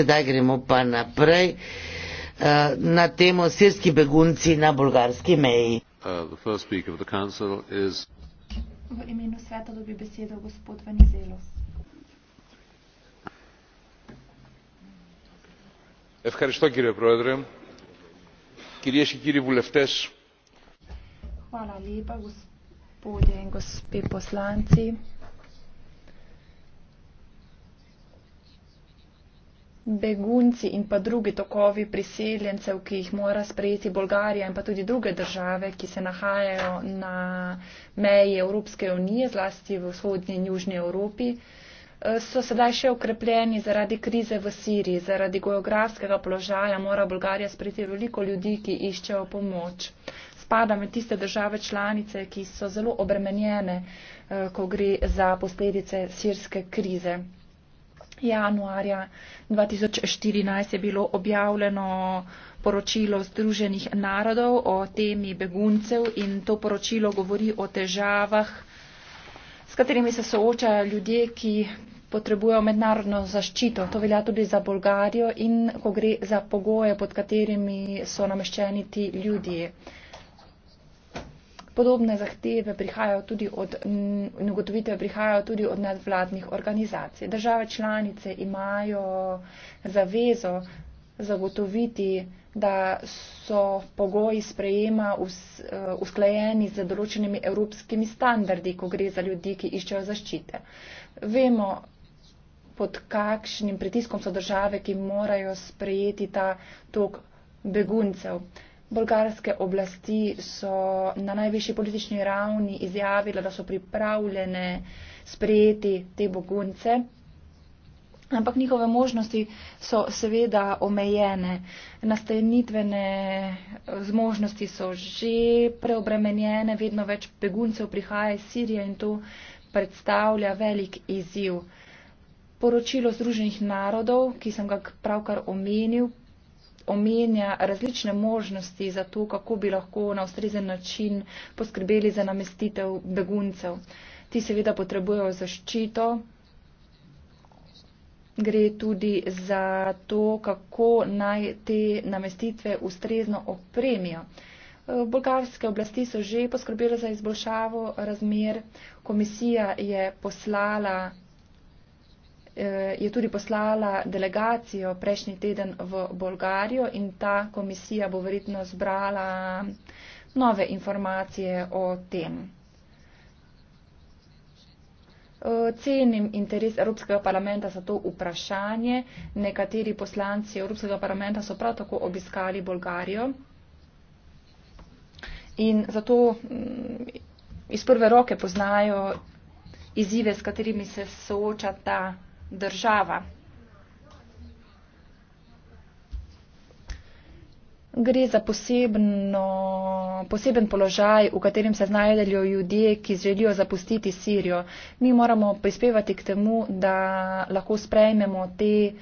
Sedaj gremo pa naprej eh, na temo sirski begunci na bulgarski meji. Uh, is... V imenu sveta dobi besedo gospod Venizelos. Hvala lepa, gospode in gospe poslanci. begunci in pa drugi tokovi priseljencev, ki jih mora sprejeti Bolgarija in pa tudi druge države, ki se nahajajo na meji Evropske unije, zlasti v vzhodnji in južni Evropi, eh, so sedaj še ukrepljeni zaradi krize v Siriji. Zaradi geografskega položaja mora Bolgarija sprejeti veliko ljudi, ki iščejo pomoč. Spada med tiste države članice, ki so zelo obremenjene, eh, ko gre za posledice sirske krize januarja 2014 je bilo objavljeno poročilo Združenih narodov o temi beguncev in to poročilo govori o težavah, s katerimi se soočajo ljudje, ki potrebujejo mednarodno zaščito. To velja tudi za Bolgarijo in ko gre za pogoje, pod katerimi so nameščeni ti ljudje. Uh, Podobne zahteve prihajajo tudi od, in ugotovitve prihajajo tudi od nadvladnih organizacij. Države članice imajo zavezo zagotoviti, da so pogoji sprejema eh, usklajeni z določenimi evropskimi standardi, ko gre za ljudi, ki iščejo zaščite. Vemo, pod kakšnim pritiskom so države, ki morajo sprejeti ta tok beguncev. Bolgarske oblasti so na najvišji politični ravni izjavile, da so pripravljene sprejeti te begunce, ampak njihove možnosti so seveda omejene. Nastanitvene eh, zmožnosti so že preobremenjene, vedno več beguncev prihaja iz Sirije in to predstavlja velik izziv. Poročilo Združenih narodov, ki sem ga pravkar omenil, omenja različne možnosti za to, kako bi lahko na ustrezen način poskrbeli za namestitev beguncev. Ti seveda potrebujejo zaščito. Gre tudi za to, kako naj te namestitve ustrezno opremijo. Bolgarske oblasti so že poskrbele za izboljšavo razmer. Komisija je poslala Eh, je tudi poslala delegacijo prejšnji teden v Bolgarijo in ta komisija bo verjetno zbrala nove informacije o tem. Eh, cenim interes Evropskega parlamenta za to vprašanje. Nekateri poslanci Evropskega parlamenta so prav tako obiskali Bolgarijo. In zato mm, iz prve roke poznajo izzive, s katerimi se soočata država. Gre za posebno, poseben položaj, v katerem se znajdejo ljudje, ki želijo zapustiti Sirijo. Mi moramo prispevati k temu, da lahko sprejmemo te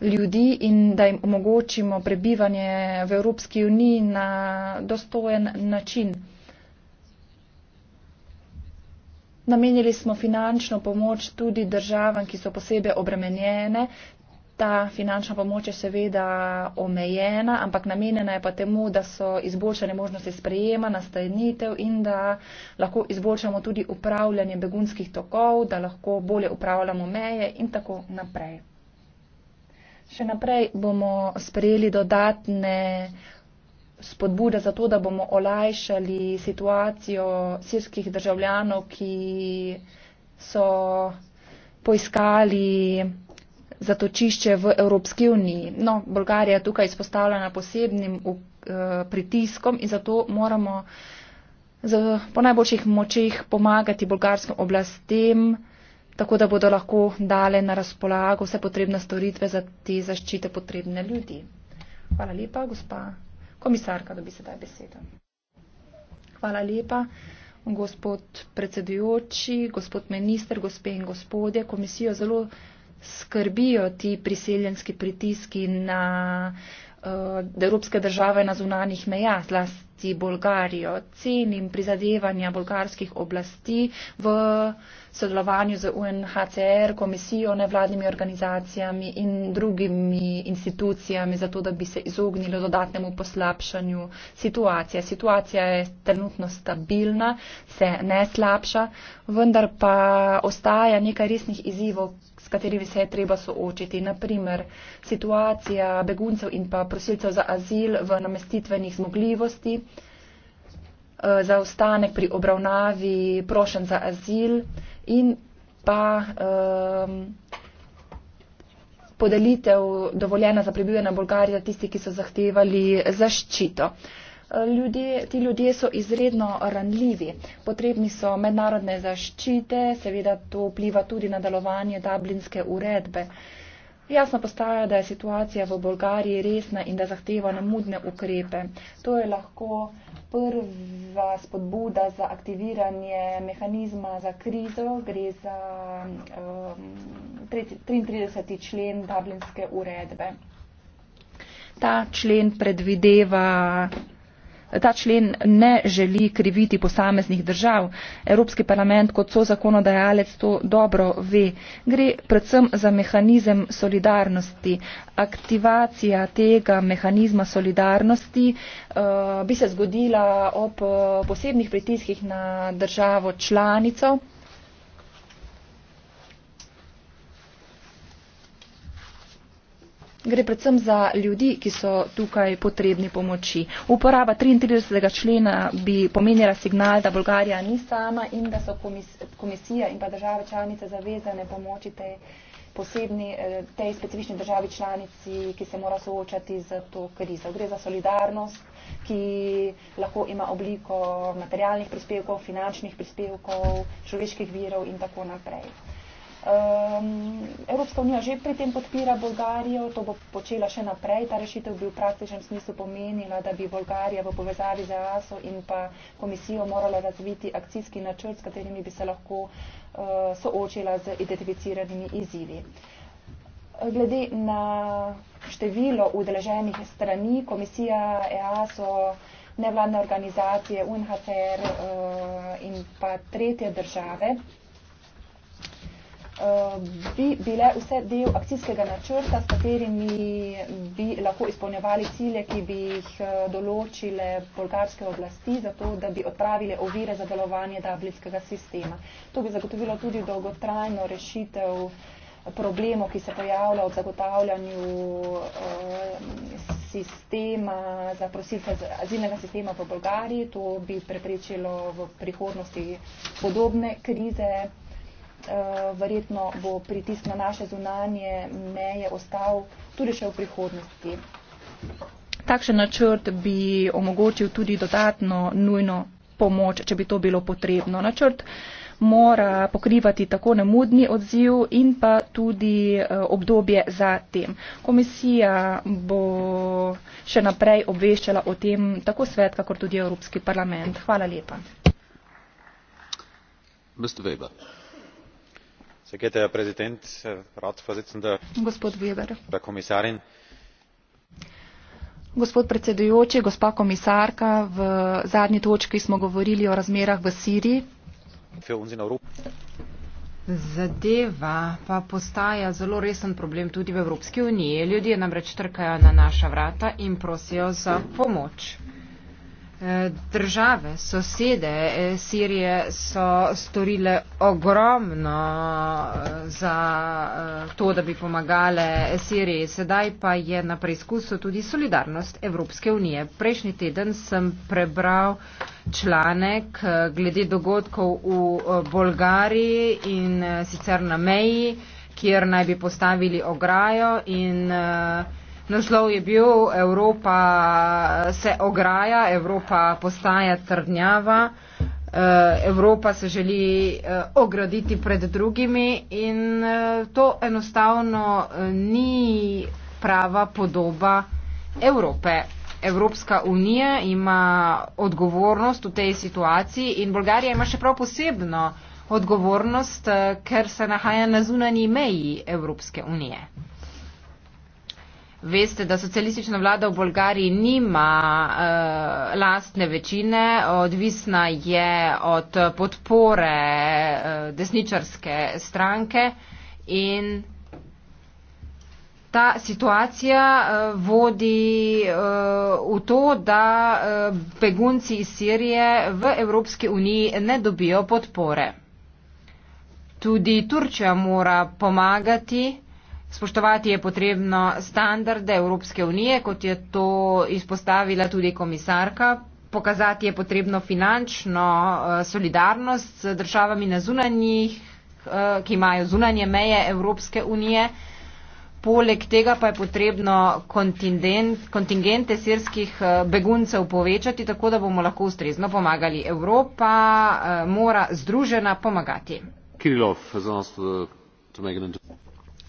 ljudi in da jim omogočimo prebivanje v Evropski uniji na dostojen način. Namenili smo finančno pomoč tudi državam, ki so posebej obremenjene. Ta finančna pomoč je seveda omejena, ampak namenjena je pa temu, da so izboljšane možnosti sprejema, nastanitev in da lahko izboljšamo tudi upravljanje begunskih tokov, da lahko bolje upravljamo meje in tako naprej. Še naprej bomo sprejeli dodatne spodbude za to, da bomo olajšali situacijo sirskih državljanov, ki so poiskali zatočišče v Evropski uniji. No, Bolgarija je tukaj izpostavljena posebnim uh, pritiskom in zato moramo z, po najboljših močeh pomagati bolgarskim oblastem, tako da bodo lahko dale na razpolago vse potrebne storitve za te zaščite potrebne ljudi. Hvala lepa, gospa. Komisarka dobi sedaj besedo. Hvala lepa, gospod predsedujoči, gospod minister, gospe in gospodje. Komisijo zelo skrbijo ti priseljenski pritiski na uh, evropske države na zunanjih mejah, zlasti pomagati Bolgarijo. Cenim prizadevanja bolgarskih oblasti v sodelovanju z UNHCR, komisijo, nevladnimi organizacijami in drugimi institucijami, zato da bi se izognilo dodatnemu poslabšanju situacije. Situacija je trenutno stabilna, se ne slabša, vendar pa ostaja nekaj resnih izzivov, s katerimi se je treba soočiti. Naprimer, situacija beguncev in pa prosilcev za azil v namestitvenih zmogljivosti. Eh, zaostanek pri obravnavi prošen za azil in pa um, podelitev dovoljena za prebivanje na Bolgariji za tisti, ki so zahtevali zaščito. Eh, ljudje, ti ljudje so izredno ranljivi, potrebni so mednarodne zaščite, seveda to vpliva tudi na delovanje Dublinske uredbe. Uh, Jasno postaja, da je situacija v Bolgariji resna in da zahteva namudne ukrepe. To je lahko prva spodbuda za aktiviranje mehanizma za krizo. Gre za um, 33. člen Dublinske uredbe. Ta člen predvideva Ta člen ne želi kriviti posameznih držav. Evropski parlament kot so zakonodajalec to dobro ve. Gre predvsem za mehanizem solidarnosti. Aktivacija tega mehanizma solidarnosti uh, bi se zgodila ob uh, posebnih pritiskih na državo članico. gre predvsem za ljudi, ki so tukaj potrebni pomoči. Uporaba 33. člena bi pomenila signal, da Bolgarija ni sama in da so komisija in pa države članice zavezane pomoči tej posebni, eh, tej specifični državi članici, ki se mora soočati z to krizo. Gre za solidarnost, ki lahko ima obliko materialnih prispevkov, finančnih prispevkov, človeških virov in tako naprej. Um, Evropska unija že pri tem podpira Bolgarijo, to bo počela še naprej. Ta rešitev bi v praktičnem smislu pomenila, da bi Bolgarija v povezavi z EASO in pa komisijo morala razviti akcijski načrt, s katerimi bi se lahko uh, soočila z identificiranimi izzivi. Glede na število udeleženih strani, komisija EASO, nevladne organizacije, UNHCR uh, eh, in pa tretje države. Eh, bi bile vse del akcijskega načrta, s katerimi bi lahko izpolnjevali cilje, ki bi jih eh, določile bolgarske oblasti, zato da bi odpravile ovire za delovanje dublinskega sistema. To bi zagotovilo tudi dolgotrajno rešitev problemov, ki se pojavlja ob zagotavljanju eh, sistema za prosilce azilnega sistema v Bolgariji. To bi preprečilo v prihodnosti podobne krize uh, verjetno bo pritisk na naše zunanje meje ostal tudi še v prihodnosti. Takšen načrt bi omogočil tudi dodatno nujno pomoč, če bi to bilo potrebno. Načrt mora pokrivati tako nemudni odziv in pa tudi eh, obdobje za tem. Komisija bo še naprej obveščala o tem tako svet, kakor tudi Evropski parlament. Hvala lepa. Mr. Weber sehr geehrter herr präsident herr ratsvorsitzender frau kommissarin! gospod predsedujoči gospa komisarka v zadnji točki smo govorili o razmerah v siriji. zadeva pa postaja zelo resen problem tudi v evropski uniji ljudje namreč trkajo na naša vrata in prosijo za pomoč države, sosede eh, Sirije so storile ogromno eh, za eh, to, da bi pomagale Siriji. Sedaj pa je na preizkusu tudi solidarnost Evropske unije. Prejšnji teden sem prebral članek glede dogodkov v Bolgariji in sicer na meji, kjer naj bi postavili ograjo in uh, Naslov je bil Evropa se ograja, Evropa postaja trdnjava, eh, Evropa se želi eh, ograditi pred drugimi in eh, to enostavno ni prava podoba Evrope. Evropska unija ima odgovornost v tej situaciji in Bolgarija ima še prav posebno odgovornost, ker se nahaja na zunanji meji Evropske unije. Veste, da socialistična vlada v Bolgariji nima uh, lastne večine, odvisna je od podpore uh, desničarske stranke in ta situacija uh, vodi uh, v to, da uh, begunci iz Sirije v Evropski uniji ne dobijo podpore. Tudi Turčija mora pomagati. Spoštovati je potrebno standarde Evropske unije, kot je to izpostavila tudi komisarka. Pokazati je potrebno finančno eh, solidarnost z državami na zunanjih, eh, ki imajo zunanje meje Evropske unije. Poleg tega pa je potrebno kontingente sirskih eh, beguncev povečati, tako da bomo lahko ustrezno pomagali. Evropa mora združena pomagati. Kirilov, za nas, to megan in to.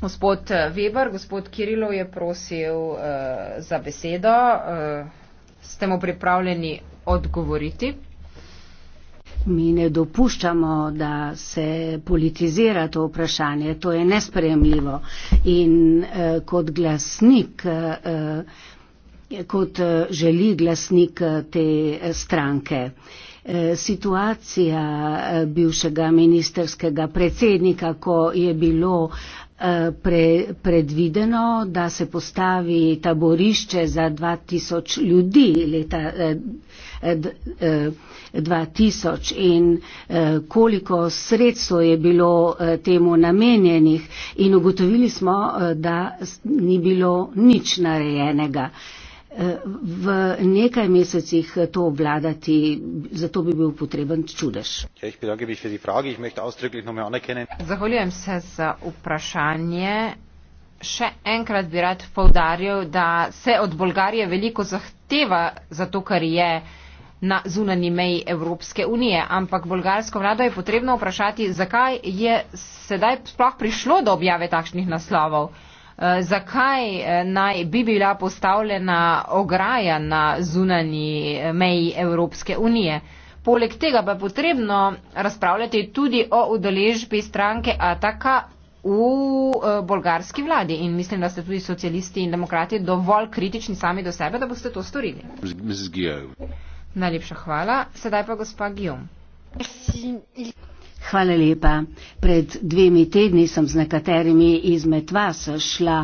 Gospod eh, Weber, gospod Kirilo je prosil uh, za besedo. Uh, ste mu pripravljeni odgovoriti? Mi ne dopuščamo, da se politizira to vprašanje. To je nespremljivo. In uh, kot glasnik. Uh, kot želi glasnik te stranke. Uh, Eh, situacija eh, bivšega ministerskega predsednika, ko je bilo eh, pre, predvideno, da se postavi taborišče za 2000 ljudi leta 2000 in koliko sredstvo je bilo temu namenjenih in ugotovili smo, da ni bilo nič narejenega v nekaj mesecih to obvladati, zato bi bil potreben čudež. Ja, Zahvaljujem se za vprašanje. Še enkrat bi rad povdarjal, da se od Bolgarije veliko zahteva za to, kar je na zunani meji Evropske unije, ampak bolgarsko vlado je potrebno vprašati, zakaj je sedaj sploh prišlo do objave takšnih naslovov. Eh, zakaj eh, naj bi bila postavljena ograja na zunani eh, meji Evropske unije. Poleg tega pa je potrebno razpravljati tudi o udeležbi stranke Ataka v bolgarski vladi in mislim, da ste tudi socialisti in demokrati dovolj kritični sami do sebe, da boste to storili. Najlepša hvala. Sedaj pa gospa Gijom. Merci. Hvala lepa. Pred dvemi tedni sem z nekaterimi izmed vas šla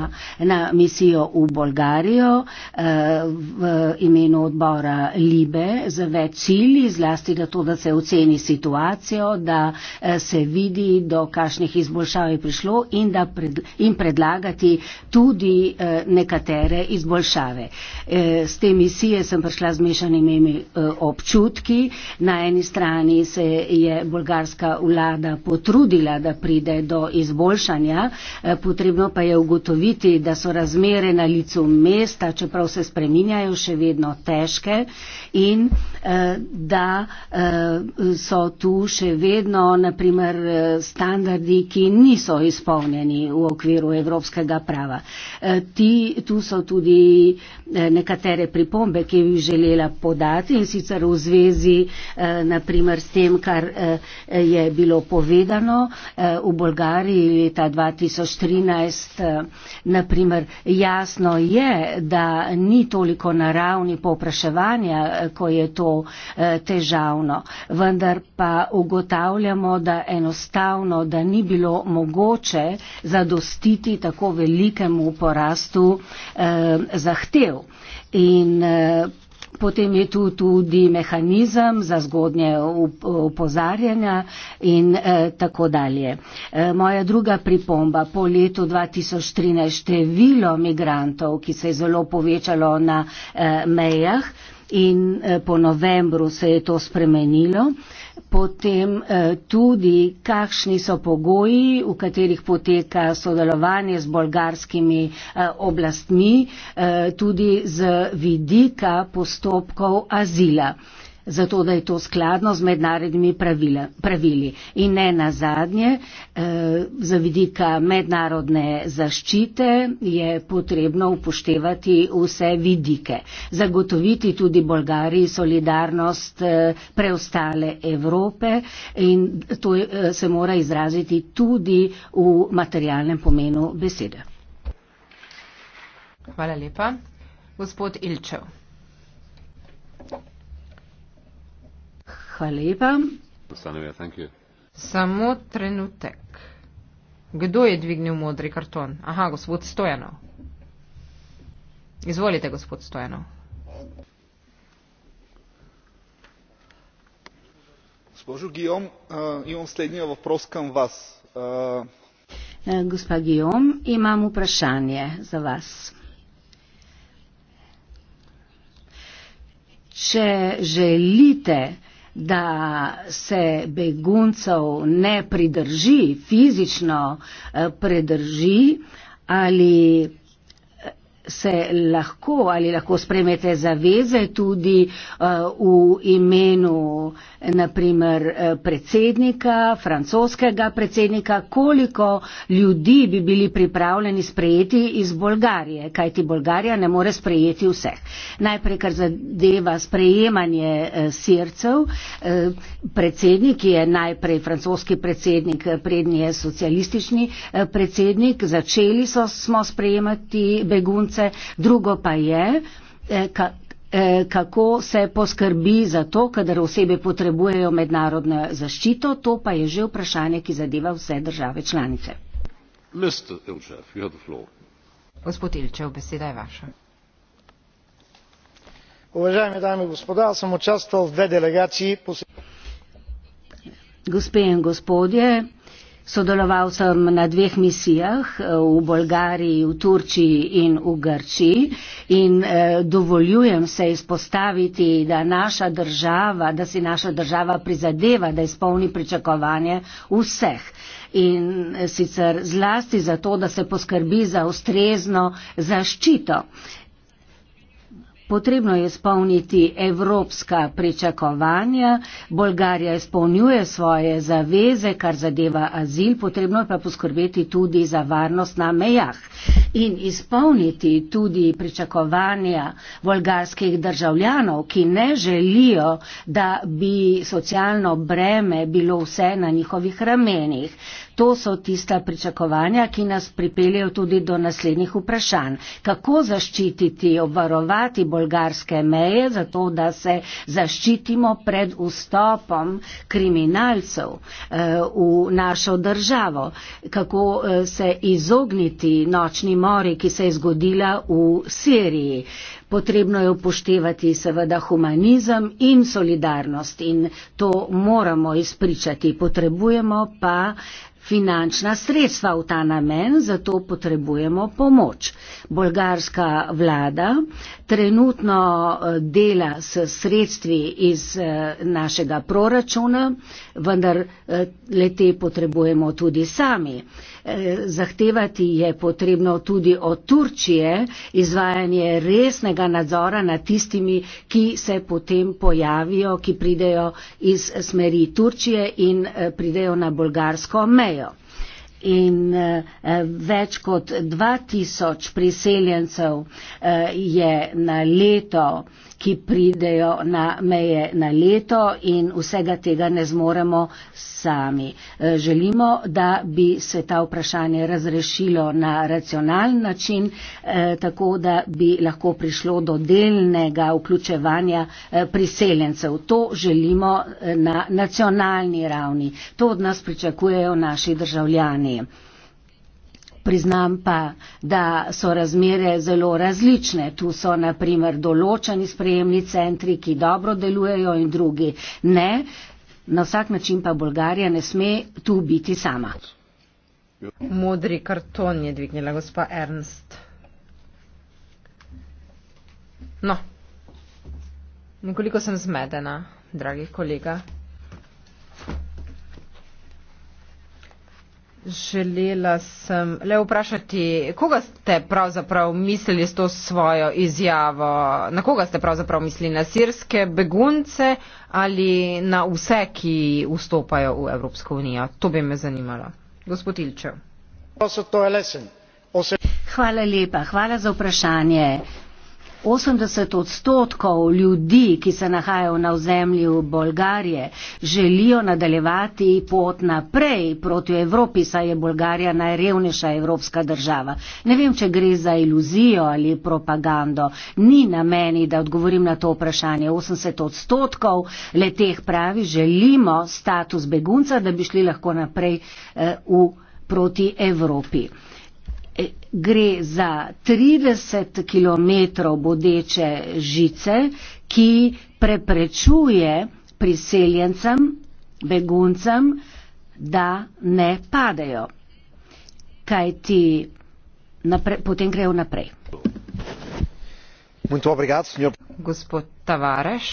na misijo v Bolgarijo eh, v imenu odbora Libe za več cilji, zlasti da to, da se oceni situacijo, da eh, se vidi, do kakšnih izboljšav je prišlo in da pred, in predlagati tudi eh, nekatere izboljšave. Z te misije sem prišla z mešanimi občutki. Na eni strani se je bolgarska vlada vlada potrudila, da pride do izboljšanja, eh, potrebno pa je ugotoviti, da so razmere na licu mesta, čeprav se spreminjajo, še vedno težke in eh, da eh, so tu še vedno naprimer standardi, ki niso izpolnjeni v okviru evropskega prava. Ti, tu so tudi nekatere pripombe, ki bi želela podati in sicer v zvezi naprimer s tem, kar je bilo bilo povedano eh, v Bolgariji leta 2013. Eh, Naprimer, jasno je, da ni toliko na ravni popraševanja, eh, ko je to težavno, vendar pa ugotavljamo, da enostavno, da ni bilo mogoče zadostiti tako velikemu porastu zahtev. In Potem je tu tudi mehanizem za zgodnje upozarjanja in e, tako dalje. E, moja druga pripomba, po letu 2013 število migrantov, ki se je zelo povečalo na e, mejah in e, po novembru se je to spremenilo. E, potem eh, tudi kakšni so pogoji, v katerih poteka sodelovanje z bolgarskimi eh, oblastmi, eh, tudi z vidika postopkov azila zato da je to skladno z mednarodnimi pravili. In ne na zadnje, eh, za vidika mednarodne zaščite je potrebno upoštevati vse vidike. Zagotoviti tudi Bolgariji solidarnost eh, preostale Evrope in to eh, se mora izraziti tudi v materialnem pomenu besede. Hvala lepa. Gospod Ilčev. Hvala lepa. Samo trenutek. Kdo je dvignil modri karton? Aha, gospod Stojanov. Izvolite, gospod Stojanov. Gospodžu Gijom, uh, eh, imam slednje v proskam vas. Uh... Gospa Gijom, imam vprašanje za vas. Če želite da se beguncev ne pridrži, fizično eh, predrži ali se lahko ali lahko spremete zaveze tudi uh, v imenu naprimer uh, predsednika, francoskega predsednika, koliko ljudi bi bili pripravljeni sprejeti iz Bolgarije, kajti Bolgarija ne more sprejeti vseh. Najprej, kar zadeva sprejemanje uh, sircev, uh, predsednik je najprej francoski predsednik, prednji je socialistični uh, predsednik, začeli so, smo sprejemati begunce, sonce, drugo pa je, eh, ka, eh, kako se poskrbi za to, kadar osebe potrebujejo mednarodno zaščito, to pa je že vprašanje, ki zadeva vse države članice. Gospod Ilčev, beseda je vaša. Уважаеми дами и господа, аз съм участвал в две делегации. Господин господи, sodeloval sem na dveh misijah eh, v Bolgariji, v Turčiji in v Grčiji in eh, dovoljujem se izpostaviti, da, naša država, da si naša država prizadeva, da izpolni pričakovanje vseh. In eh, sicer zlasti zato, da se poskrbi za ustrezno zaščito. Uh, Potrebno je spolniti evropska pričakovanja, Bolgarija izpolnjuje svoje zaveze, kar zadeva azil, potrebno je pa poskrbeti tudi za varnost na mejah in izpolniti tudi pričakovanja volgarskih državljanov, ki ne želijo, da bi socialno breme bilo vse na njihovih ramenih. To so tista pričakovanja, ki nas pripeljajo tudi do naslednjih vprašanj. Kako zaščititi, obvarovati bolgarske meje, zato da se zaščitimo pred vstopom kriminalcev eh, v našo državo? Kako eh, se izogniti nočnim mori, ki se je zgodila v Siriji. Potrebno je upoštevati seveda humanizem in solidarnost in to moramo izpričati. Potrebujemo pa finančna sredstva v ta namen, zato potrebujemo pomoč. Bolgarska vlada trenutno eh, dela s sredstvi iz eh, našega proračuna, vendar eh, lete potrebujemo tudi sami. Zahtevati je potrebno tudi od Turčije izvajanje resnega nadzora nad tistimi, ki se potem pojavijo, ki pridejo iz smeri Turčije in pridejo na bolgarsko mejo in eh, več kot 2000 priseljencev eh, je na leto ki pridejo na meje na leto in vsega tega ne zmoremo sami. Eh, želimo, da bi se ta vprašanje razrešilo na racionalen način, eh, tako da bi lahko prišlo do delnega vključevanja eh, priseljencev. To želimo na nacionalni ravni. To od nas pričakujejo naši državljani. Priznam pa, da so razmere zelo različne. Tu so naprimer določeni sprejemni centri, ki dobro delujejo in drugi ne. Na vsak način pa Bolgarija ne sme tu biti sama. Modri karton je dvignila gospa Ernst. No, nekoliko sem zmedena, dragi kolega. Želela sem le vprašati, koga ste pravzaprav mislili s to svojo izjavo? Na koga ste pravzaprav mislili? Na sirske begunce ali na vse, ki vstopajo v Evropsko unijo? To bi me zanimalo. Gospod Ilčev. Hvala lepa, hvala za vprašanje. 80 odstotkov ljudi, ki se nahajajo na ozemlju Bolgarije, želijo nadaljevati pot naprej proti Evropi, saj je Bolgarija najrevnejša evropska država. Ne vem, če gre za iluzijo ali propagando. Ni na meni, da odgovorim na to vprašanje. 80 odstotkov le teh pravi želimo status begunca, da bi šli lahko naprej eh, v, proti Evropi. Eh, gre za 30 km bodeče žice, ki preprečuje priseljencem, beguncem, da ne padejo. Kaj ti napre, potem grejo naprej. Gospod Tavareš,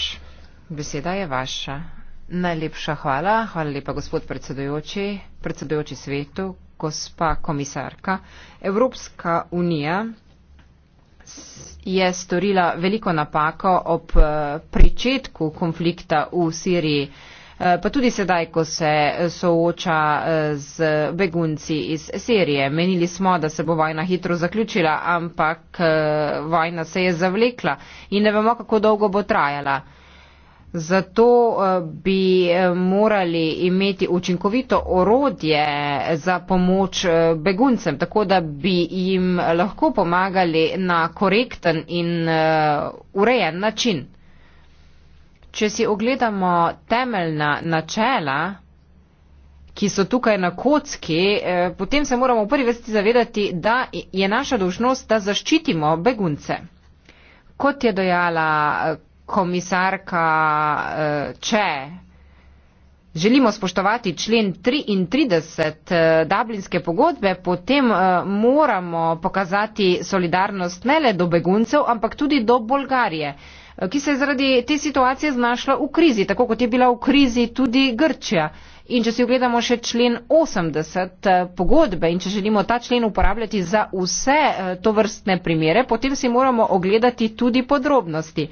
beseda je vaša. Najlepša hvala. Hvala lepa, gospod predsedujoči, predsedujoči svetu, gospa komisarka, Evropska unija je storila veliko napako ob eh, pričetku konflikta v Siriji, eh, pa tudi sedaj, ko se eh, sooča z begunci iz Sirije. Menili smo, da se bo vojna hitro zaključila, ampak vojna se je zavlekla in ne vemo, kako dolgo bo trajala. Zato eh, bi eh, morali imeti učinkovito orodje za pomoč eh, beguncem, tako da bi jim lahko pomagali na korekten in urejen način. Če si ogledamo temeljna načela, ki so tukaj na kocki, potem se moramo v prvi vrsti zavedati, da je naša dožnost, da zaščitimo begunce. Kot je dojala komisarka, eh, če želimo spoštovati člen 33 eh, Dublinske pogodbe, potem eh, moramo pokazati solidarnost ne le do beguncev, ampak tudi do Bolgarije, ki se je zaradi te situacije znašla v krizi, tako kot je bila v krizi tudi Grčija. In če si ogledamo še člen 80 pogodbe in če želimo ta člen uporabljati za vse to vrstne primere, potem si moramo ogledati tudi podrobnosti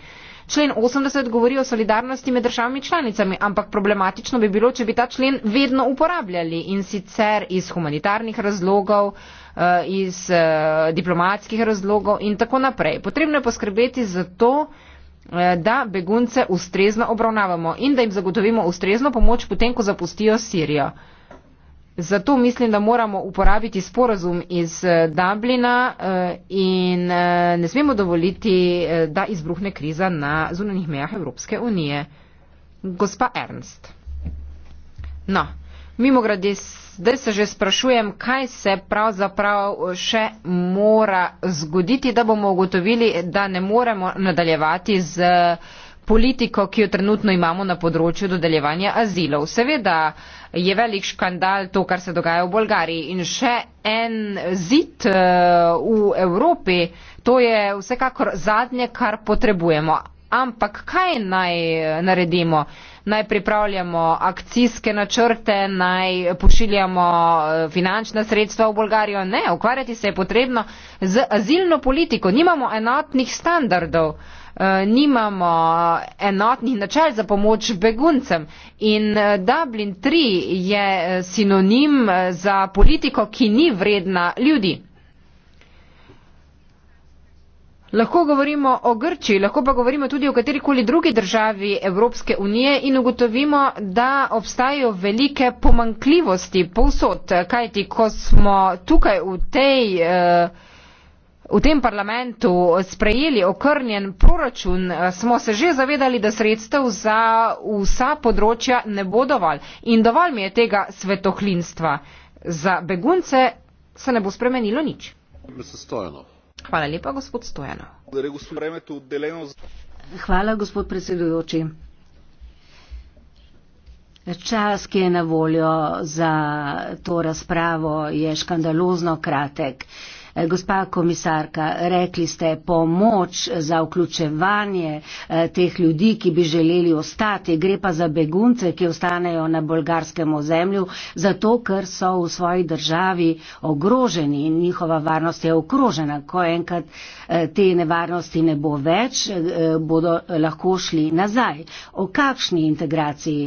člen 80 govori o solidarnosti med državami članicami, ampak problematično bi bilo, če bi ta člen vedno uporabljali in sicer iz humanitarnih razlogov, eh, iz eh, diplomatskih razlogov in tako naprej. Potrebno je poskrbeti za to, eh, da begunce ustrezno obravnavamo in da jim zagotovimo ustrezno pomoč potem, ko zapustijo Sirijo. Zato mislim, da moramo uporabiti sporazum iz eh, Dublina eh, in eh, ne smemo dovoliti, da izbruhne kriza na zunanjih mejah Evropske unije. Gospa Ernst. No, mimo grade, zdaj se že sprašujem, kaj se pravzaprav še mora zgoditi, da bomo ugotovili, da ne moremo nadaljevati z. Uh, politiko, ki jo trenutno imamo na področju dodeljevanja azilov. Seveda je velik škandal to, kar se dogaja v Bolgariji in še en zid uh, v Evropi, to je vsekakor zadnje, kar potrebujemo. Ampak kaj naj eh, naredimo? Naj pripravljamo akcijske načrte, naj pošiljamo eh, finančna sredstva v Bolgarijo? Ne, ukvarjati se je potrebno z azilno politiko. Nimamo enotnih standardov. Uh, Eh, nimamo eh, enotnih načel za pomoč beguncem. In eh, Dublin 3 je sinonim za politiko, ki ni vredna ljudi. Lahko govorimo o Grči, lahko pa govorimo tudi o katerikoli drugi državi Evropske unije in ugotovimo, da obstajajo velike pomankljivosti povsod, kajti ko smo tukaj v tej. Uh, v tem parlamentu sprejeli okrnjen proračun, eh, smo se že zavedali, da sredstev za vsa področja ne bo dovolj. In dovolj mi je tega svetohlinstva. Za begunce se ne bo spremenilo nič. Hvala lepa, gospod Stojano. Torej, Hvala, gospod predsedujoči. Čas, ki je na voljo za to razpravo, je škandalozno kratek. Eh, gospa komisarka, rekli ste pomoč za vključevanje eh, teh ljudi, ki bi želeli ostati. Gre pa za begunce, ki ostanejo na bolgarskem ozemlju, zato ker so v svoji državi ogroženi in njihova varnost je okrožena. Ko enkrat eh, te nevarnosti ne bo več, bodo lahko šli nazaj. O kakšni integraciji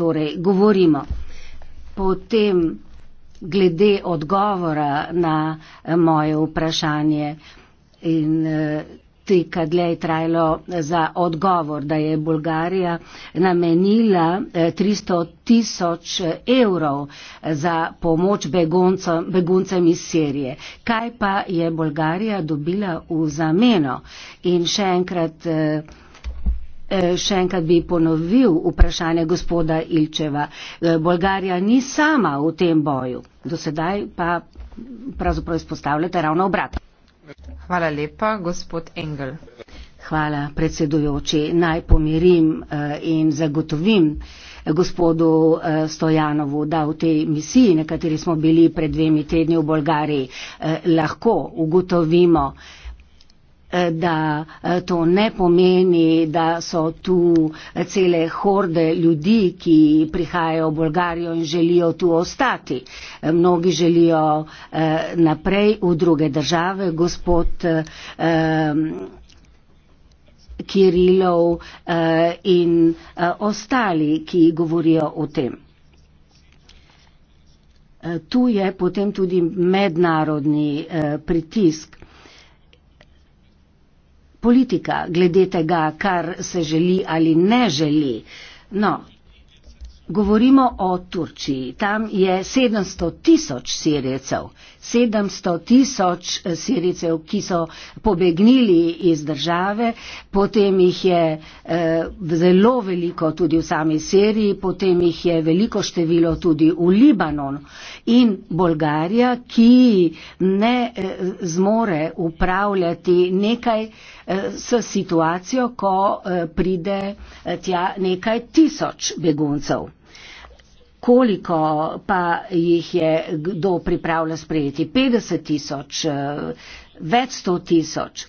torej govorimo? Potem glede odgovora na eh, moje vprašanje in eh, te, kar dlje je trajalo za odgovor, da je Bolgarija namenila 300 eh, tisoč evrov za pomoč begoncem, beguncem iz Sirije. Kaj pa je Bolgarija dobila v zameno? In še enkrat. Eh, Eh, še enkrat bi ponovil vprašanje gospoda Ilčeva. Eh, Bolgarija ni sama v tem boju, do sedaj pa pravzaprav izpostavljate ravno obrat. Hvala lepa, gospod Engel. Hvala, predsedujoči. Naj pomirim eh, in zagotovim gospodu Stojanovu, da v tej misiji, na kateri smo bili pred dvemi tedni v Bolgariji, lahko ugotovimo, da eh, to ne pomeni, da so tu cele horde ljudi, ki prihajajo v Bolgarijo in želijo tu ostati. Eh, mnogi želijo eh, naprej v druge države. Gospod Kirilov in ostali, ki govorijo o tem. Tu je potem tudi mednarodni pritisk politika, glede tega, kar se želi ali ne želi. No, govorimo o Turčiji. Tam je 700 tisoč sirjecev, 700 tisoč eh, sirjecev, ki so pobegnili iz države, potem jih je eh, zelo veliko tudi v sami Siriji, potem jih je veliko število tudi v Libanon in Bolgarija, ki ne eh, zmore upravljati nekaj, s situacijo, ko eh, pride eh, tja nekaj tisoč beguncev. Koliko pa jih je kdo pripravljen sprejeti? 50 tisoč, eh, več 100 tisoč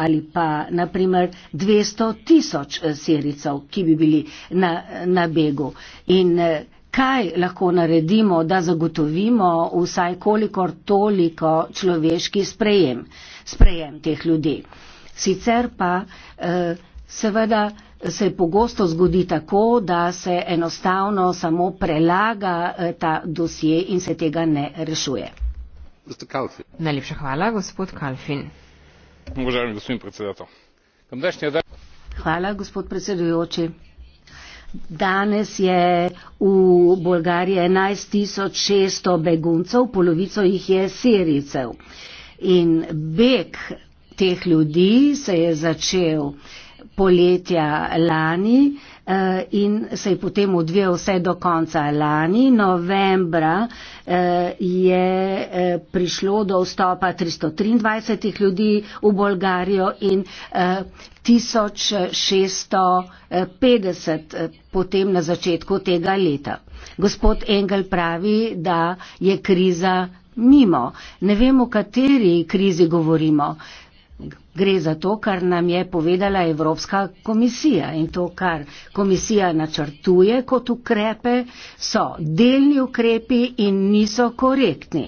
ali pa naprimer 200 tisoč siricov, ki bi bili na, na begu. In kaj lahko naredimo, da zagotovimo vsaj kolikor toliko človeški sprejem, sprejem teh ljudi? Sicer pa eh, seveda se pogosto zgodi tako, da se enostavno samo prelaga eh, ta dosje in se tega ne rešuje. Najlepša hvala, gospod Kalfin. Hvala, gospod predsedujoči. Danes je v Bolgariji 11.600 beguncev, polovico jih je sirijcev. In beg teh ljudi se je začel poletja lani eh, in se je potem odvijal vse do konca lani. Novembra eh, je eh, prišlo do vstopa 323 ljudi v Bolgarijo in eh, 1650 eh, eh, potem na začetku tega leta. Gospod Engel pravi, da je kriza mimo. Ne vemo, o kateri krizi govorimo. Eh, Gre za to, kar nam je povedala Evropska komisija in to, kar komisija načrtuje kot ukrepe, so delni ukrepi in niso korektni.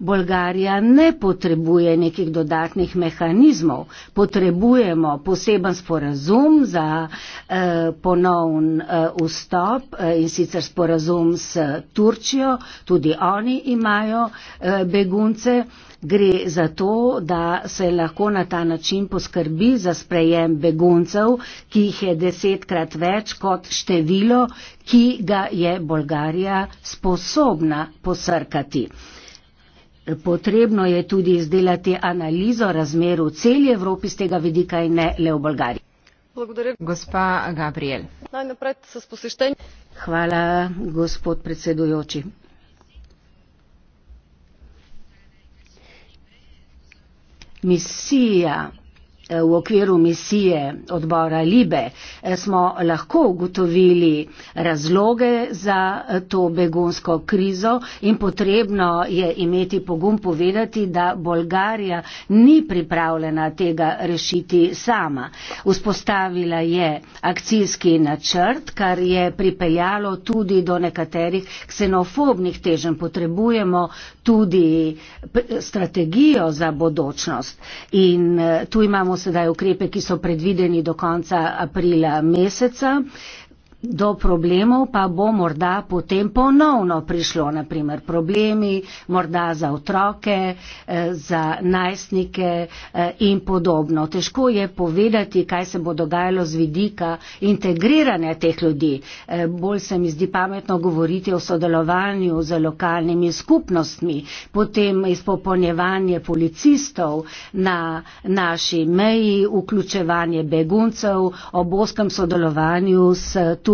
Bolgarija ne potrebuje nekih dodatnih mehanizmov, potrebujemo poseben sporazum za eh, ponovn eh, vstop eh, in sicer sporazum s Turčijo, tudi oni imajo eh, begunce. Gre za to, da se lahko na ta način poskrbi za sprejem beguncev, ki jih je desetkrat več kot število, ki ga je Bolgarija sposobna posrkati. Potrebno je tudi izdelati analizo razmer v celi Evropi z tega vidika in ne le v Bolgariji. Благодаря. Госпа Габриел. Най-напред с посещение. Хвала, господ председуючи. Мисия. Eh, v okviru misije odbora Libe eh, smo lahko ugotovili razloge za eh, to begunsko krizo in potrebno je imeti pogum povedati, da Bolgarija ni pripravljena tega rešiti sama. Vzpostavila je akcijski načrt, kar je pripeljalo tudi do nekaterih ksenofobnih težen. Potrebujemo tudi strategijo za bodočnost. In tu imamo sedaj ukrepe, ki so predvideni do konca aprila meseca. Do problemov pa bo morda potem ponovno prišlo, naprimer problemi, morda za otroke, eh, za najstnike eh, in podobno. Težko je povedati, kaj se bo dogajalo z vidika integriranja teh ljudi. Eh, bolj se mi zdi pametno govoriti o sodelovanju z lokalnimi skupnostmi, potem izpopolnjevanje policistov na naši meji, vključevanje beguncev, ob oskem sodelovanju s turistami.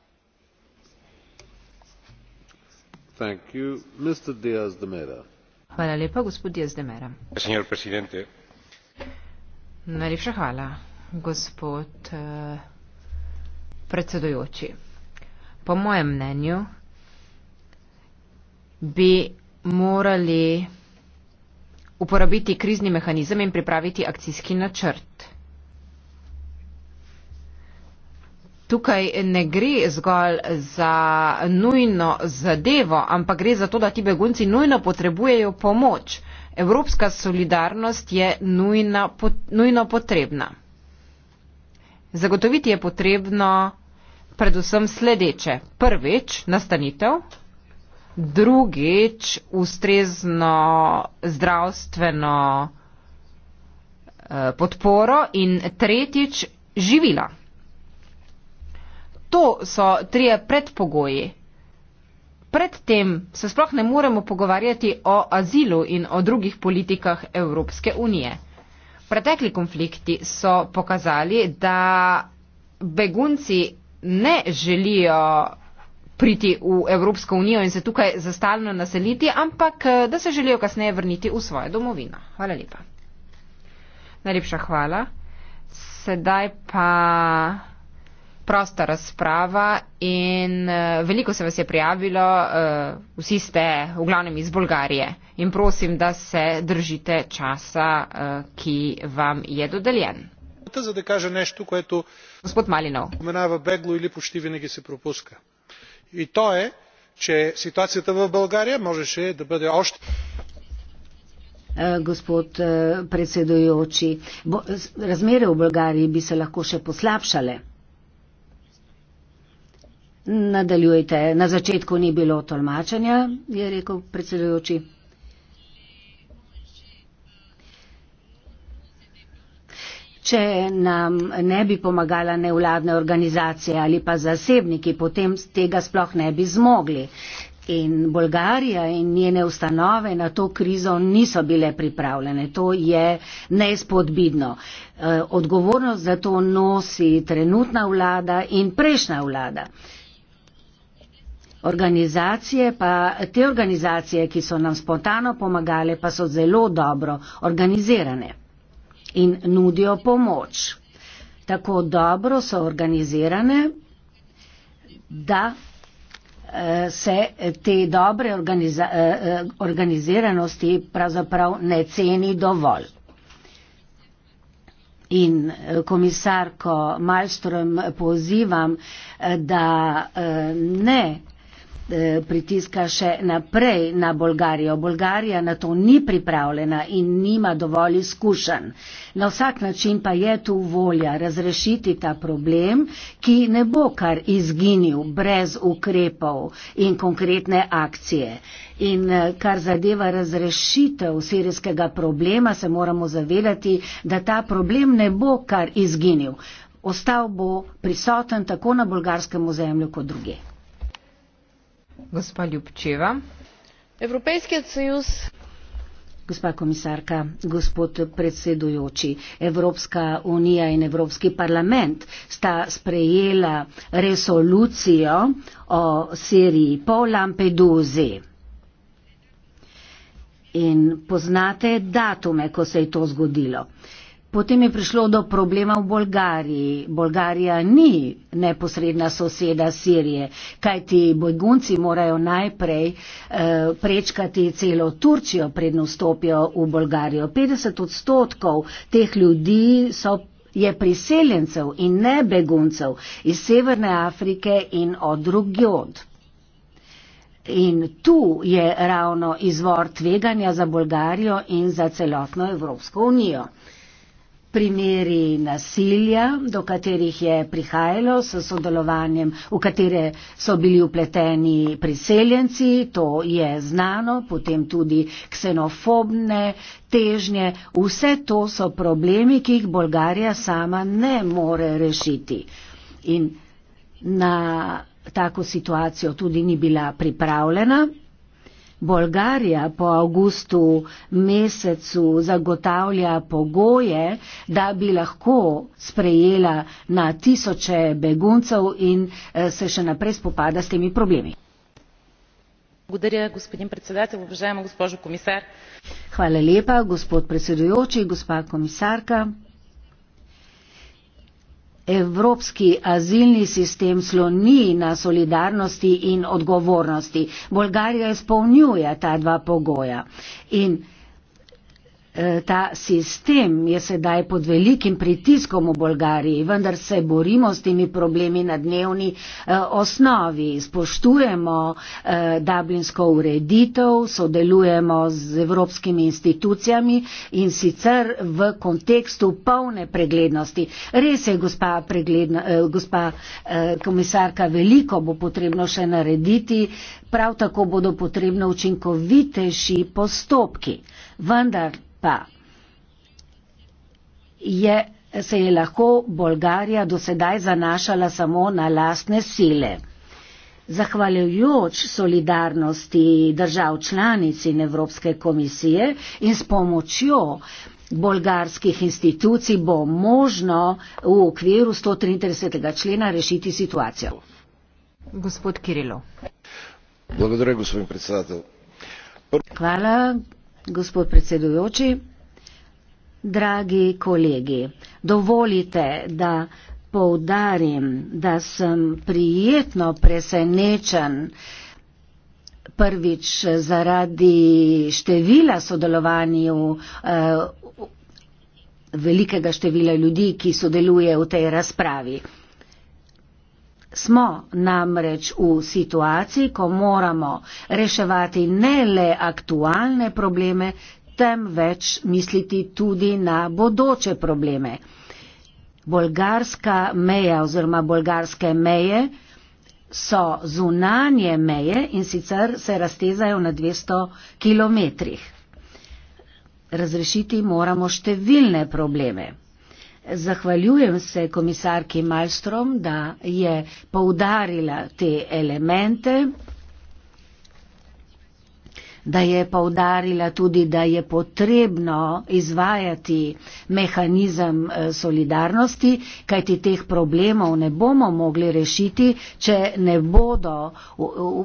gospod predsednik najlepša hvala gospod eh, predsedujoči po mojem mnenju bi morali uporabiti krizni mehanizem in pripraviti akcijski načrt tukaj ne gre zgolj za nujno zadevo, ampak gre za to, da ti begunci nujno potrebujejo pomoč. Evropska solidarnost je nujna, pot, nujno potrebna. Zagotoviti je potrebno predvsem sledeče. Prvič, nastanitev. Drugič, ustrezno zdravstveno eh, podporo. In tretjič, živila to so trije predpogoji. Predtem se sploh ne moremo pogovarjati o azilu in o drugih politikah Evropske unije. Pretekli konflikti so pokazali, da begunci ne želijo priti v Evropsko unijo in se tukaj zastalno naseliti, ampak eh, da se želijo kasneje vrniti v svojo domovino. Hvala lepa. Najlepša hvala. Sedaj pa prosta razprava in uh, veliko se vas je prijavilo, uh, vsi ste v glavnem iz Bolgarije in prosim, da se držite časa, uh, ki vam je dodeljen. Za da kaže nešto, ko je tu gospod Malinov. Omenava beglo ali pošti vinegi se propuska. In to je, če situacija v Bolgariji, može še, da bo ošt. Gospod predsedujoči, bo, razmere v Bolgariji bi se lahko še poslabšale. Nadaljujte. Na začetku ni bilo tolmačenja, je rekel predsedujoči. Če nam ne bi pomagala nevladne organizacije ali pa zasebniki, potem tega sploh ne bi zmogli. In Bolgarija in njene ustanove na to krizo niso bile pripravljene. To je neizpodbidno. Eh, odgovornost za to nosi trenutna vlada in prejšnja vlada. Organizacije pa, te organizacije, ki so nam spontano pomagale, pa so zelo dobro organizirane in nudijo pomoč. Tako dobro so organizirane, da eh, se te dobre organiza eh, eh, organiziranosti pravzaprav ne ceni dovolj. In komisarko Malstrom pozivam, da ne Eh, pritiska še naprej na Bolgarijo. Bolgarija na to ni pripravljena in nima dovolj izkušenj. Na vsak način pa je tu volja razrešiti ta problem, ki ne bo kar izginil brez ukrepov in konkretne akcije. In eh, kar zadeva razrešitev sirijskega problema, se moramo zavedati, da ta problem ne bo kar izginil. Ostal bo prisoten tako na bolgarskem ozemlju kot druge gospa Ljubčeva. Evropski odsajus. Gospa komisarka, gospod predsedujoči, Evropska unija in Evropski parlament sta sprejela resolucijo o Siriji po Lampeduzi. In poznate datume, ko se je to zgodilo. Potem je prišlo do problema v Bolgariji. Bolgarija ni neposredna soseda Sirije, kajti bojgunci morajo najprej eh, prečkati celo Turčijo, predno vstopijo v Bolgarijo. 50 odstotkov teh ljudi so je priseljencev in ne beguncev iz Severne Afrike in od drugjod. In tu je ravno izvor tveganja za Bolgarijo in za celotno Evropsko unijo primeri nasilja, do katerih je prihajalo s sodelovanjem, v katere so bili upleteni priseljenci, to je znano, potem tudi ksenofobne težnje. Vse to so problemi, ki jih Bolgarija sama ne more rešiti. In na tako situacijo tudi ni bila pripravljena. Bolgarija po avgustu mesecu zagotavlja pogoje, da bi lahko sprejela na tisoče beguncev in eh, se še naprej spopada s temi problemi. Благодаря, господин председател. Уважаема госпожо комисар. Хвала лепа, господ председател, госпожа комисарка. Evropski azilni sistem sloni na solidarnosti in odgovornosti. Bolgarija izpolnjuje ta dva pogoja. In E, ta sistem je sedaj pod velikim pritiskom v Bolgariji, vendar se borimo s temi problemi na dnevni e, osnovi. Spoštujemo e, dublinsko ureditev, sodelujemo z evropskimi institucijami in sicer v kontekstu polne preglednosti. Res je, gospa, pregledna, gospa komisarka, veliko bo potrebno še narediti, prav tako bodo potrebno učinkovitejši postopki. Vendar pa je, se je lahko Bolgarija dosedaj zanašala samo na lastne sile. Zahvaljujoč solidarnosti držav članic in Evropske komisije in s pomočjo bolgarskih institucij bo možno v okviru 133. člena rešiti situacijo. Gospod Kirilo. Hvala, gospod predsedatelj. Hvala, Gospod predsedujoči, dragi kolegi, dovolite, da povdarim, da sem prijetno presenečen prvič zaradi števila sodelovanja eh, velikega števila ljudi, ki sodeluje v tej razpravi. Smo namreč v situaciji, ko moramo reševati ne le aktualne probleme, temveč misliti tudi na bodoče probleme. Bolgarska meja oziroma bolgarske meje so zunanje meje in sicer se raztezajo na 200 km. Razrešiti moramo številne probleme. Zahvaljujem se komisarki Malstrom, da je poudarila te elemente da je povdarila tudi, da je potrebno izvajati mehanizem eh, solidarnosti, kajti teh problemov ne bomo mogli rešiti, če ne bodo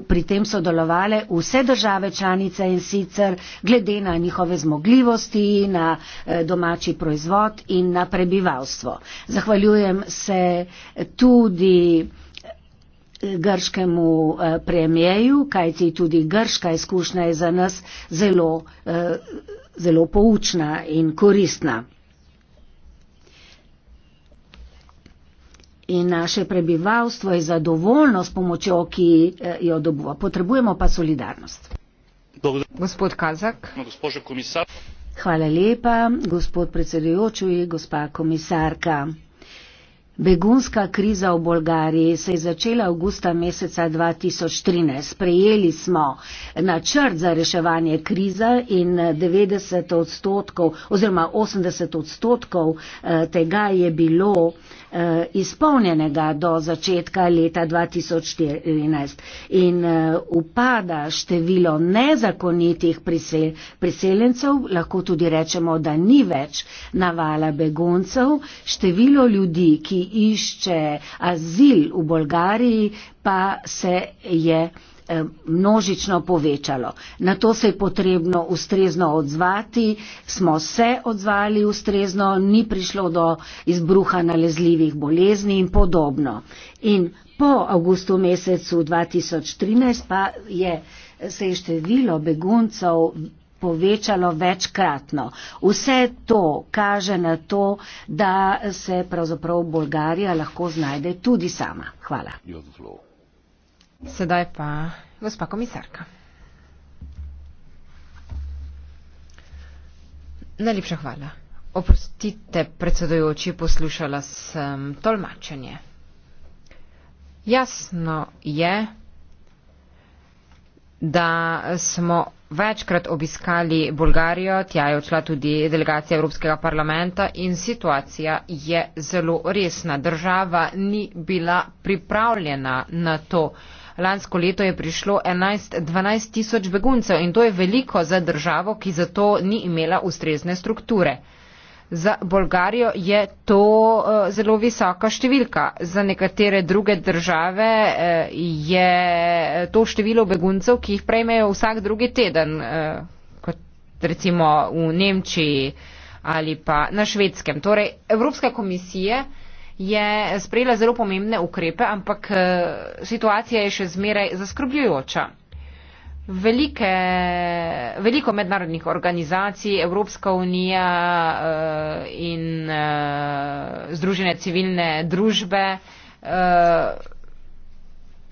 pri tem sodelovale vse države članice in sicer glede na njihove zmogljivosti, na eh, domači proizvod in na prebivalstvo. Zahvaljujem se tudi. Tudi grškemu eh, premijeju, kajti tudi grška izkušnja je za nas zelo, eh, zelo poučna in koristna. In naše prebivalstvo je zadovoljno s pomočjo, ki eh, jo dobiva. Potrebujemo pa solidarnost. Gospod Kazak. Hvala lepa, gospod predsedujoči, gospa komisarka. Begunska kriza v Bolgariji se je začela avgusta meseca 2013. Sprejeli smo načrt za reševanje krize in 90 odstotkov oziroma 80 odstotkov eh, tega je bilo uh, Eh, izpolnjenega do začetka leta 2014 in eh, upada število nezakonitih priseljencev, lahko tudi rečemo, da ni več navala beguncev, število ljudi, ki išče azil v Bolgariji, pa se je. Eh, množično povečalo. Na to se je potrebno ustrezno odzvati, smo se odzvali ustrezno, ni prišlo do izbruha nalezljivih bolezni in podobno. In po avgustu mesecu 2013 pa je se je število beguncev povečalo večkratno. Vse to kaže na to, da se pravzaprav Bolgarija lahko znajde tudi sama. Hvala. Jozlo. Sedaj pa gospa komisarka. Najlepša hvala. Oprostite, predsedojoči, poslušala sem tolmačenje. Jasno je, da smo večkrat obiskali Bolgarijo, tja je odšla tudi delegacija Evropskega parlamenta in situacija je zelo resna. Država ni bila pripravljena na to, Lansko leto je prišlo 11, 12 tisoč beguncev in to je veliko za državo, ki zato ni imela ustrezne strukture. Za Bolgarijo je to eh, zelo visoka številka. Za nekatere druge države eh, je to število beguncev, ki jih prejmejo vsak drugi teden, eh, kot recimo v Nemčiji ali pa na švedskem. Torej, Evropska komisija je sprejela zelo pomembne ukrepe, ampak eh, situacija je še zmeraj zaskrbljujoča. Velike, veliko mednarodnih organizacij, Evropska unija eh, in eh, Združene civilne družbe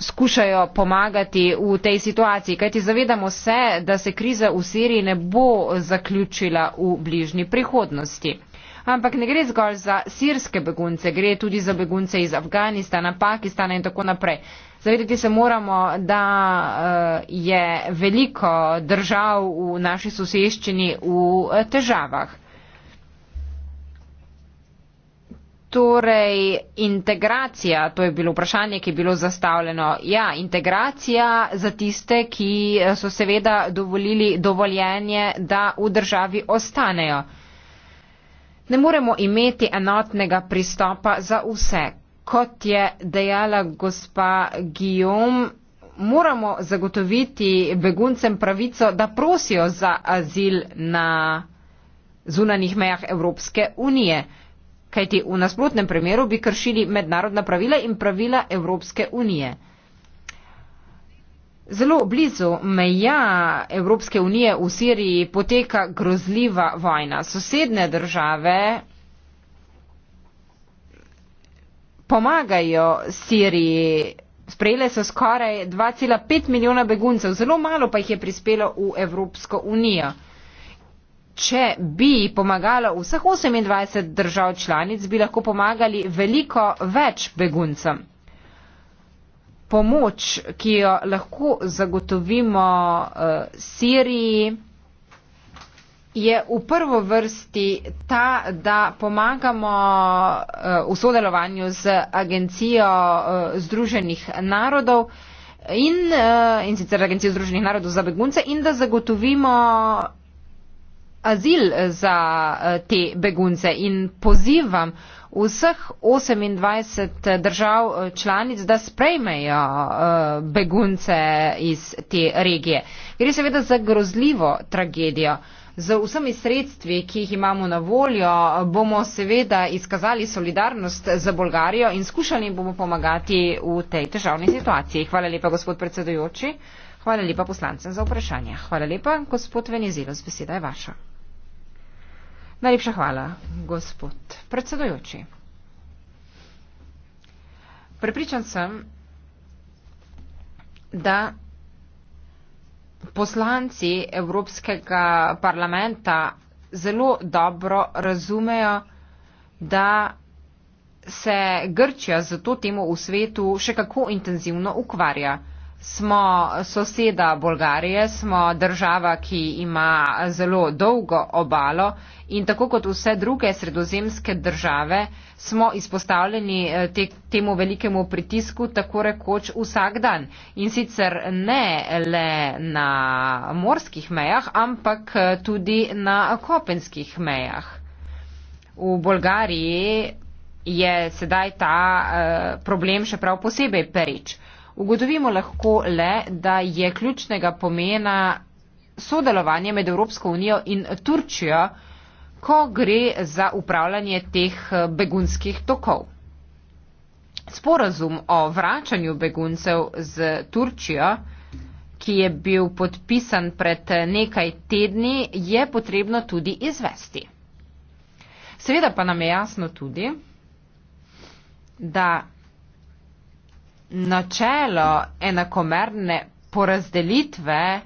skušajo pomagati v tej situaciji, kajti zavedamo se, da se kriza v Siriji ne bo zaključila v bližnji prihodnosti ampak ne gre zgolj za sirske begunce, gre tudi za begunce iz Afganistana, Pakistana in tako naprej. Zavedati se moramo, da eh, je veliko držav v naši soseščini v eh, težavah. Torej, integracija, to je bilo vprašanje, ki je bilo zastavljeno. Ja, integracija za tiste, ki eh, so seveda dovolili dovoljenje, da v državi ostanejo ne moremo imeti enotnega pristopa za vse. Kot je dejala gospa Guillaume, moramo zagotoviti beguncem pravico, da prosijo za azil na zunanih mejah Evropske unije, kajti v nasprotnem primeru bi kršili mednarodna pravila in pravila Evropske unije. Zelo blizu meja Evropske unije v Siriji poteka grozljiva vojna. Sosedne države pomagajo Siriji. Sprejele so skoraj 2,5 milijona beguncev, zelo malo pa jih je prispelo v Evropsko unijo. Če bi pomagala vseh 28 držav članic, bi lahko pomagali veliko več beguncem pomoč, ki jo lahko zagotovimo eh, Siriji, je v prvo vrsti ta, da pomagamo eh, v sodelovanju z Agencijo eh, Združenih narodov in, in sicer Agencijo Združenih narodov za begunce in da zagotovimo azil eh, za eh, te begunce in pozivam vseh 28 eh, držav članic, da sprejmejo begunce iz te regije. Gre seveda za grozljivo tragedijo. Z vsemi sredstvi, ki jih imamo na voljo, bomo seveda izkazali solidarnost za Bolgarijo in skušali jim bomo pomagati v tej težavni situaciji. Hvala lepa, gospod predsedujoči. Hvala lepa poslancem za vprašanje. Hvala lepa, gospod Venizelos. Beseda je vaša. Najlepša hvala, gospod predsedojoči. Prepričan sem, da poslanci Evropskega parlamenta zelo dobro razumejo, da se Grčija z to temo v svetu še kako intenzivno ukvarja smo soseda Bolgarije, smo država, ki ima zelo dolgo obalo in tako kot vse druge sredozemske države smo izpostavljeni eh, te, temu velikemu pritisku tako rekoč vsak dan. In sicer ne le na morskih mejah, ampak eh, tudi na kopenskih mejah. V Bolgariji je sedaj ta eh, problem še prav posebej perič. Eh, Ugotovimo lahko le, da je ključnega pomena sodelovanje med Evropsko unijo in Turčijo, ko gre za upravljanje teh eh, begunskih tokov. Sporazum o vračanju beguncev z Turčijo, ki je bil podpisan pred eh, nekaj tedni, je potrebno tudi izvesti. Seveda pa nam je jasno tudi, da načelo enakomerne porazdelitve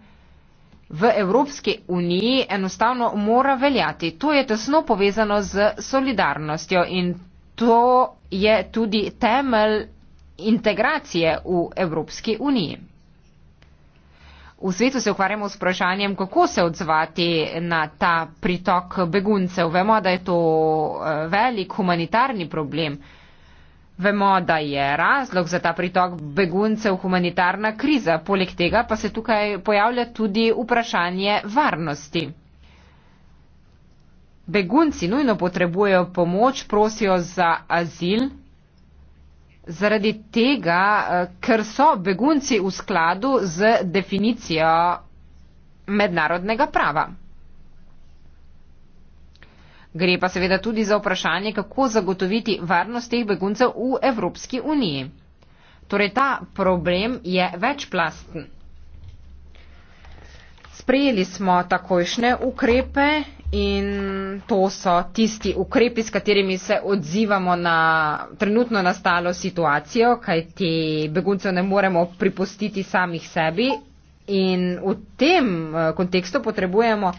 v Evropski uniji enostavno mora veljati. To je tesno povezano z solidarnostjo in to je tudi temelj integracije v Evropski uniji. V svetu se ukvarjamo s vprašanjem, kako se odzvati na ta pritok beguncev. Vemo, da je to eh, velik humanitarni problem. Vemo, da je razlog za ta pritok beguncev humanitarna kriza, poleg tega pa se tukaj pojavlja tudi vprašanje varnosti. Begunci nujno potrebujejo pomoč, prosijo za azil, zaradi tega, eh, ker so begunci v skladu z definicijo mednarodnega prava. Gre pa seveda tudi za vprašanje, kako zagotoviti varnost teh beguncev v Evropski uniji. Torej, ta problem je večplasten. Sprejeli smo takojšnje ukrepe in to so tisti ukrepi, s katerimi se odzivamo na trenutno nastalo situacijo, kaj ti beguncev ne moremo pripustiti samih sebi in v tem eh, kontekstu potrebujemo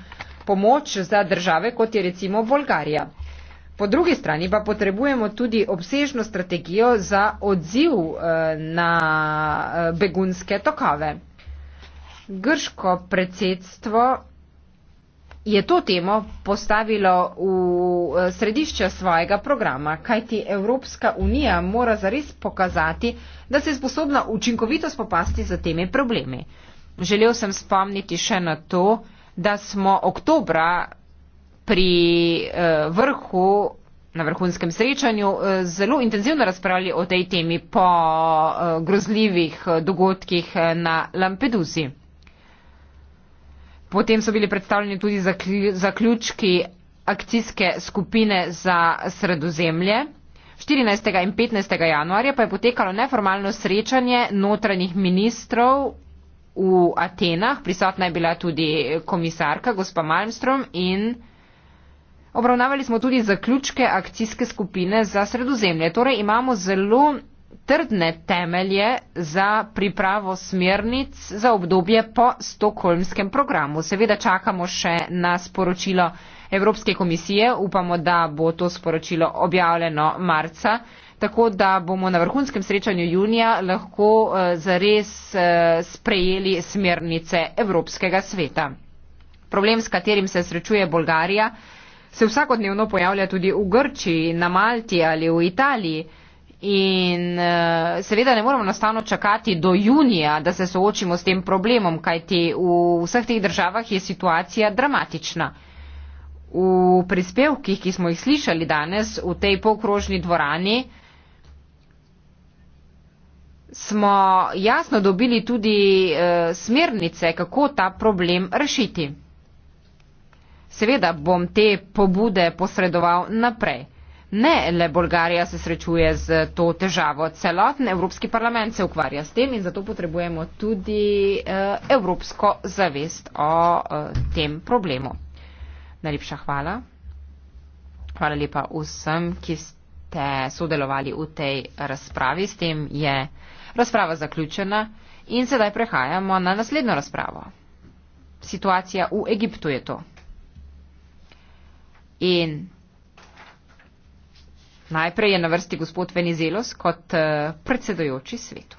pomoč za države, kot je recimo Bolgarija. Po drugi strani pa potrebujemo tudi obsežno strategijo za odziv eh, na eh, begunske tokave. Grško predsedstvo je to temo postavilo v eh, središče svojega programa, kajti Evropska unija mora zares pokazati, da se je sposobna učinkovito spopasti z temi problemi. Želel sem spomniti še na to, da smo oktobra pri eh, vrhu na vrhunskem srečanju eh, zelo intenzivno razpravljali o tej temi po eh, grozljivih dogodkih na Lampedusi. Potem so bili predstavljeni tudi zaključki akcijske skupine za sredozemlje. 14. in 15. januarja pa je potekalo neformalno srečanje notranjih ministrov v Atenah, prisotna je bila tudi komisarka gospa Malmstrom in obravnavali smo tudi zaključke akcijske skupine za sredozemlje. Torej imamo zelo trdne temelje za pripravo smernic za obdobje po stokholmskem programu. Seveda čakamo še na sporočilo Evropske komisije, upamo, da bo to sporočilo objavljeno marca tako da bomo na vrhunskem srečanju junija lahko eh, zares eh, sprejeli smernice Evropskega sveta. Problem, s katerim se srečuje Bolgarija, se vsakodnevno pojavlja tudi v Grčiji, na Malti ali v Italiji. In eh, seveda ne moramo nastavno čakati do junija, da se soočimo s tem problemom, kajti v vseh teh državah je situacija dramatična. V prispevkih, ki smo jih slišali danes v tej pokrožni dvorani, smo jasno dobili tudi eh, smernice, kako ta problem rešiti. Seveda bom te pobude posredoval naprej. Ne le Bolgarija se srečuje z to težavo, celoten Evropski parlament se ukvarja s tem in zato potrebujemo tudi eh, evropsko zavest o eh, tem problemu. Najlepša hvala. Hvala lepa vsem, ki ste sodelovali v tej razpravi. S tem je. Razprava zaključena in sedaj prehajamo na naslednjo razpravo. Situacija v Egiptu je to. In najprej je na vrsti gospod Venizelos kot eh, predsedojoči svetu.